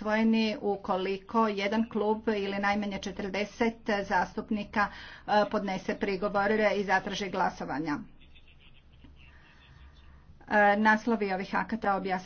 usvojeni ukoliko jedan klub ili najmanje 40 zastupnika e, podnese prigovor i zatraži glasovanja. E, naslovi ovih akata